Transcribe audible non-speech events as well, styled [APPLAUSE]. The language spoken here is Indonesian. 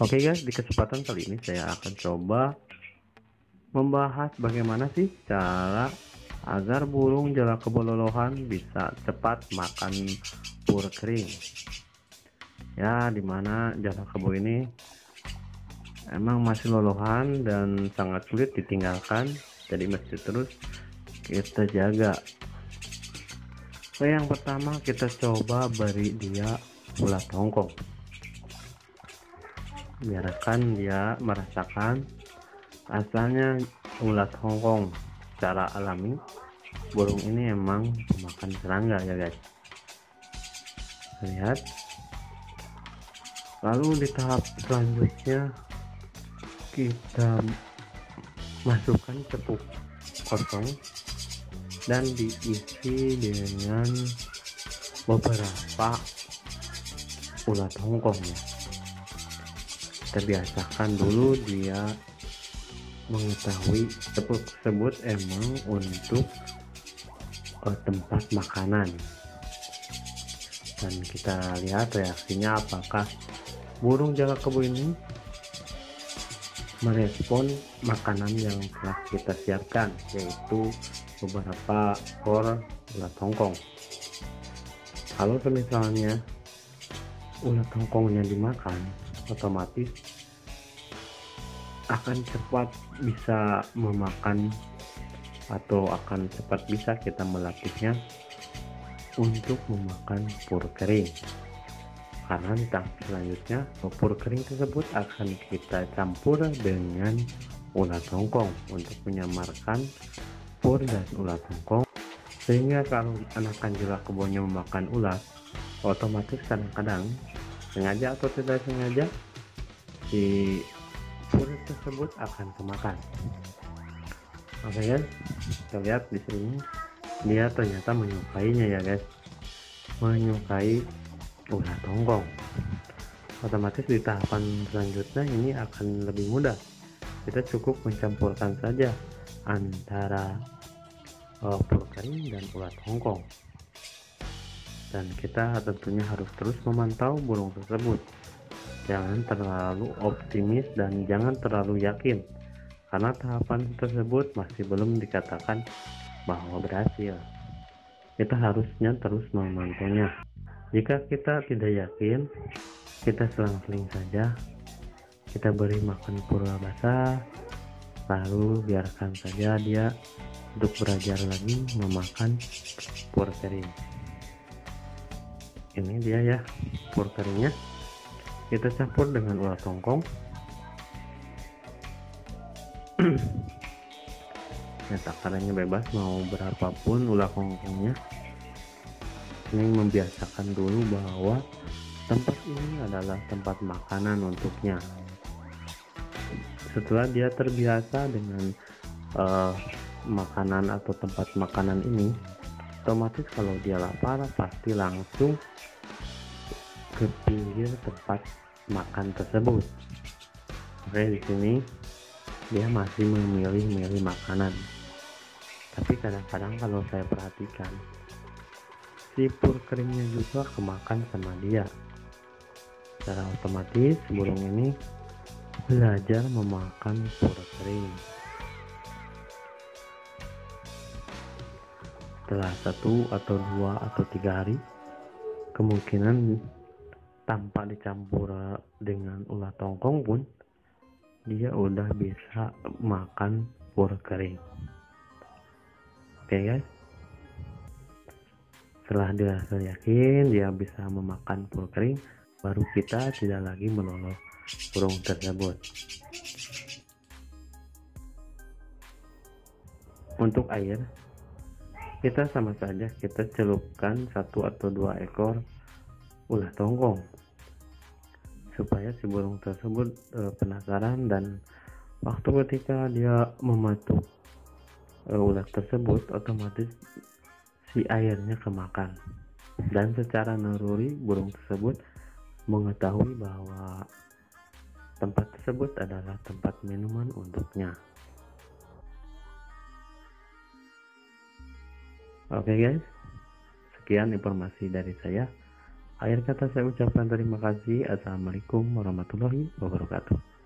Oke okay guys, di kesempatan kali ini saya akan coba membahas bagaimana sih cara agar burung jala kebololohan bisa cepat makan pur kering. Ya, dimana jala kebo ini emang masih lolohan dan sangat sulit ditinggalkan, jadi mesti terus kita jaga. So, yang pertama kita coba beri dia ulat hongkong biarkan dia merasakan asalnya ulat Hongkong secara alami burung ini emang makan serangga ya guys lihat lalu di tahap selanjutnya kita masukkan tepung kosong dan diisi dengan beberapa ulat Hongkong ya terbiasakan dulu dia mengetahui tepuk tersebut emang untuk uh, tempat makanan dan kita lihat reaksinya apakah burung jaga kebun ini merespon makanan yang telah kita siapkan yaitu beberapa kor ulat Hongkong. kalau misalnya ulat Hongkongnya dimakan otomatis akan cepat bisa memakan atau akan cepat bisa kita melatihnya untuk memakan pur kering karena di tahap selanjutnya pur kering tersebut akan kita campur dengan ulat hongkong untuk menyamarkan pur dan ulat hongkong sehingga kalau anak kanjela kebunnya memakan ulat otomatis kadang-kadang sengaja atau tidak sengaja si kulit tersebut akan kemakan makanya kita lihat di sini dia ternyata menyukainya ya guys menyukai ular tonggong otomatis di tahapan selanjutnya ini akan lebih mudah kita cukup mencampurkan saja antara uh, eh, pulken dan ulat hongkong dan kita tentunya harus terus memantau burung tersebut. Jangan terlalu optimis dan jangan terlalu yakin, karena tahapan tersebut masih belum dikatakan bahwa berhasil. Kita harusnya terus memantaunya. Jika kita tidak yakin, kita selang-seling saja. Kita beri makan pura basah, lalu biarkan saja dia untuk belajar lagi memakan pura kering ini dia ya porternya kita campur dengan ulat tongkong [CLEARS THROAT] ya takarannya bebas mau berapapun ulat tongkongnya ini membiasakan dulu bahwa tempat ini adalah tempat makanan untuknya setelah dia terbiasa dengan uh, makanan atau tempat makanan ini otomatis kalau dia lapar pasti langsung ke pinggir tempat makan tersebut oke di sini dia masih memilih-milih makanan tapi kadang-kadang kalau saya perhatikan sipur keringnya juga kemakan sama dia secara otomatis burung ini belajar memakan pur kering setelah satu atau dua atau tiga hari kemungkinan tanpa dicampur eh, dengan ulat tongkong pun dia udah bisa makan pur kering oke okay, guys setelah dirasa yakin dia bisa memakan pur kering baru kita tidak lagi menolong burung tersebut untuk air kita sama saja kita celupkan satu atau dua ekor ulah tongkong supaya si burung tersebut e, penasaran dan waktu ketika dia mematuk e, tersebut otomatis si airnya kemakan dan secara naluri burung tersebut mengetahui bahwa tempat tersebut adalah tempat minuman untuknya. Oke guys, sekian informasi dari saya. Akhir kata saya ucapkan terima kasih. Assalamualaikum warahmatullahi wabarakatuh.